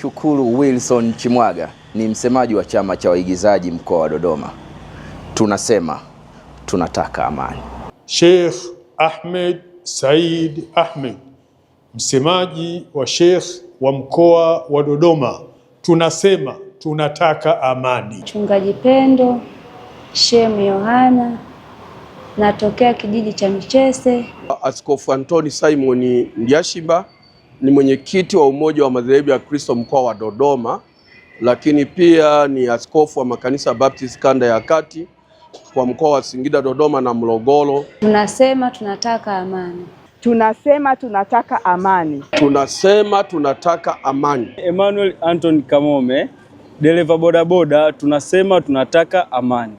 Shukuru Wilson Chimwaga ni msemaji wa chama cha waigizaji mkoa wa Dodoma. Tunasema tunataka amani. Sheikh Ahmed Said Ahmed, msemaji wa Sheikh wa mkoa wa Dodoma, tunasema tunataka amani. Mchungaji Pendo Shemu Yohana, natokea kijiji cha Michese. Askofu Antoni Simoni Ndiashimba ni mwenyekiti wa Umoja wa Madhehebu ya Kristo mkoa wa Dodoma, lakini pia ni askofu wa makanisa Baptist kanda ya kati kwa mkoa wa Singida, Dodoma na Morogoro. Tunasema tunataka amani. Tunasema tunataka amani. Tunasema tunataka amani. Emmanuel Anton Kamome, dereva bodaboda, tunasema tunataka amani.